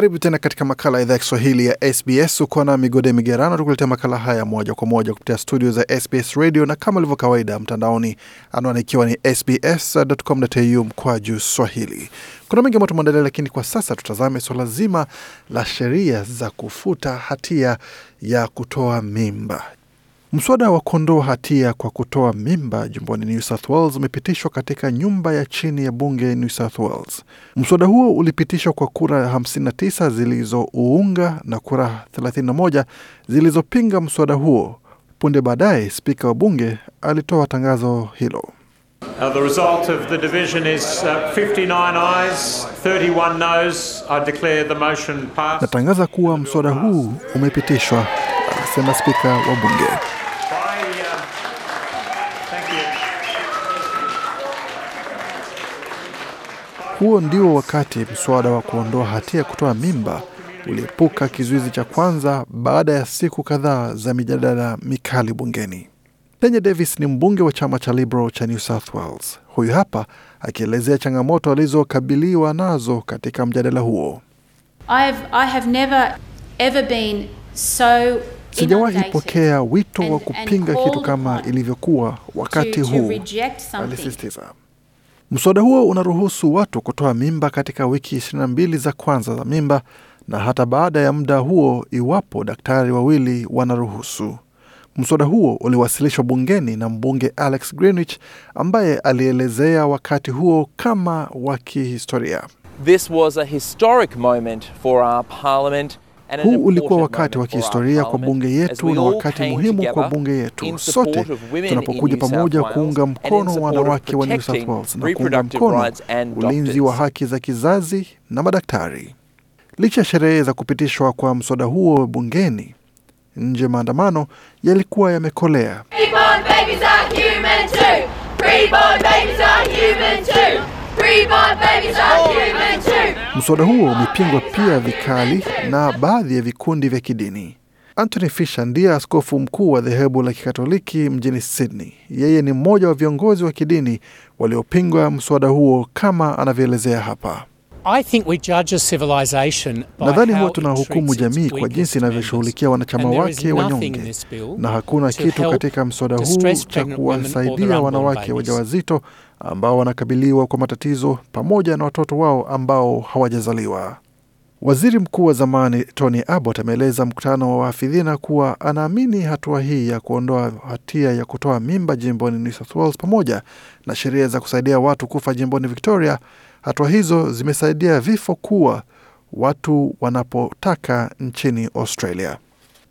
Karibu tena katika makala ya idhaa ya Kiswahili ya SBS. Uko na Migode Migerano tukuletea makala haya moja kwa moja kupitia studio za SBS Radio na kama ilivyo kawaida mtandaoni, anwani ikiwa ni sbs.com.au mkwa juu Swahili. Kuna mengi ambayo tumeandalia, lakini kwa sasa tutazame swala so zima la sheria za kufuta hatia ya kutoa mimba. Mswada wa kuondoa hatia kwa kutoa mimba jumboni New South Wales umepitishwa katika nyumba ya chini ya bunge New South Wales. Mswada huo ulipitishwa kwa kura 59 zilizouunga na kura 31 zilizopinga mswada huo. Punde baadaye spika wa bunge alitoa tangazo hilo. Uh, is uh, Natangaza kuwa mswada huu umepitishwa amesema spika wa bunge. Huo ndio wakati mswada wa kuondoa hatia ya kutoa mimba uliepuka kizuizi cha kwanza baada ya siku kadhaa za mijadala mikali bungeni. Tanya Davis ni mbunge wa chama cha Liberal cha New South Wales. Huyu hapa akielezea changamoto alizokabiliwa nazo katika mjadala huo. I have, I have never, ever been so Sijawahi pokea wito wa kupinga kitu kama ilivyokuwa wakati huu, alisisitiza. Mswada huo unaruhusu watu kutoa mimba katika wiki 22 za kwanza za mimba na hata baada ya muda huo iwapo daktari wawili wanaruhusu. Mswada huo uliwasilishwa bungeni na mbunge Alex Greenwich ambaye alielezea wakati huo kama wa kihistoria. This was a historic moment for our parliament. Huu ulikuwa wakati wa kihistoria kwa bunge yetu na wakati muhimu kwa bunge yetu sote tunapokuja pamoja kuunga mkono wanawake wa New South Wales na kuunga mkono ulinzi wa haki za kizazi na madaktari. Licha ya sherehe za kupitishwa kwa mswada huo bungeni, nje maandamano yalikuwa yamekolea. babies are human too. babies are human too. Oh. Mswada huo umepingwa pia vikali na baadhi ya vikundi vya kidini. Anthony Fisher ndiye askofu mkuu wa dhehebu la Kikatoliki mjini Sydney. Yeye ni mmoja wa viongozi wa kidini waliopingwa mswada huo, kama anavyoelezea hapa. Nadhani huwa tunahukumu jamii kwa jinsi inavyoshughulikia wanachama wake wanyonge, na hakuna kitu katika mswada huu cha kuwasaidia wanawake wajawazito ambao wanakabiliwa kwa matatizo pamoja na watoto wao ambao hawajazaliwa. Waziri mkuu wa zamani Tony Abbott ameeleza mkutano wa wahafidhina kuwa anaamini hatua hii ya kuondoa hatia ya kutoa mimba jimboni New South Wales pamoja na sheria za kusaidia watu kufa jimboni Victoria, hatua hizo zimesaidia vifo kuwa watu wanapotaka nchini Australia.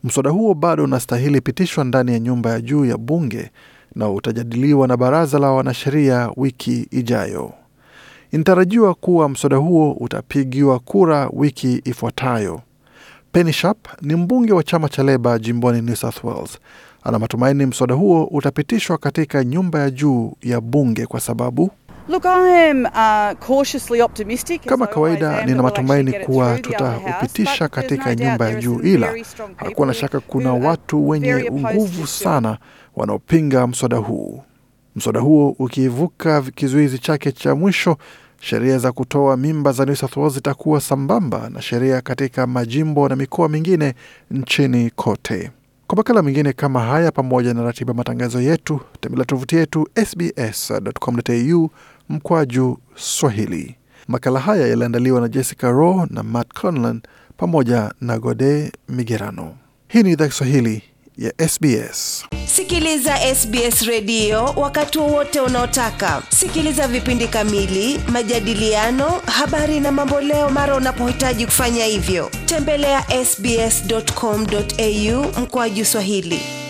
Mswada huo bado unastahili pitishwa ndani ya nyumba ya juu ya bunge na utajadiliwa na baraza la wanasheria wiki ijayo. Inatarajiwa kuwa mswada huo utapigiwa kura wiki ifuatayo. Penny Sharp ni mbunge wa chama cha Leba jimboni New South Wales. Ana matumaini mswada huo utapitishwa katika nyumba ya juu ya bunge kwa sababu Look, I am, uh, cautiously optimistic. Kama kawaida nina matumaini kuwa tutaupitisha katika nyumba ya juu, ila hakuwa na shaka kuna watu wenye nguvu sana wanaopinga mswada huu. Mswada huo ukivuka kizuizi chake cha mwisho, sheria za kutoa mimba za New South Wales zitakuwa sambamba na sheria katika majimbo na mikoa mingine nchini kote. Kwa makala mengine kama haya, pamoja na ratiba matangazo yetu, tembelea tovuti yetu sbs.com.au mkwaju Swahili. Makala haya yaliandaliwa na Jessica ro na Matt Conlan pamoja na Gode Migerano. Hii ni idhaa Kiswahili ya SBS. Sikiliza SBS redio wakati wowote unaotaka. Sikiliza vipindi kamili, majadiliano, habari na mamboleo mara unapohitaji kufanya hivyo. Tembelea ya sbs.com.au mkoaji Swahili.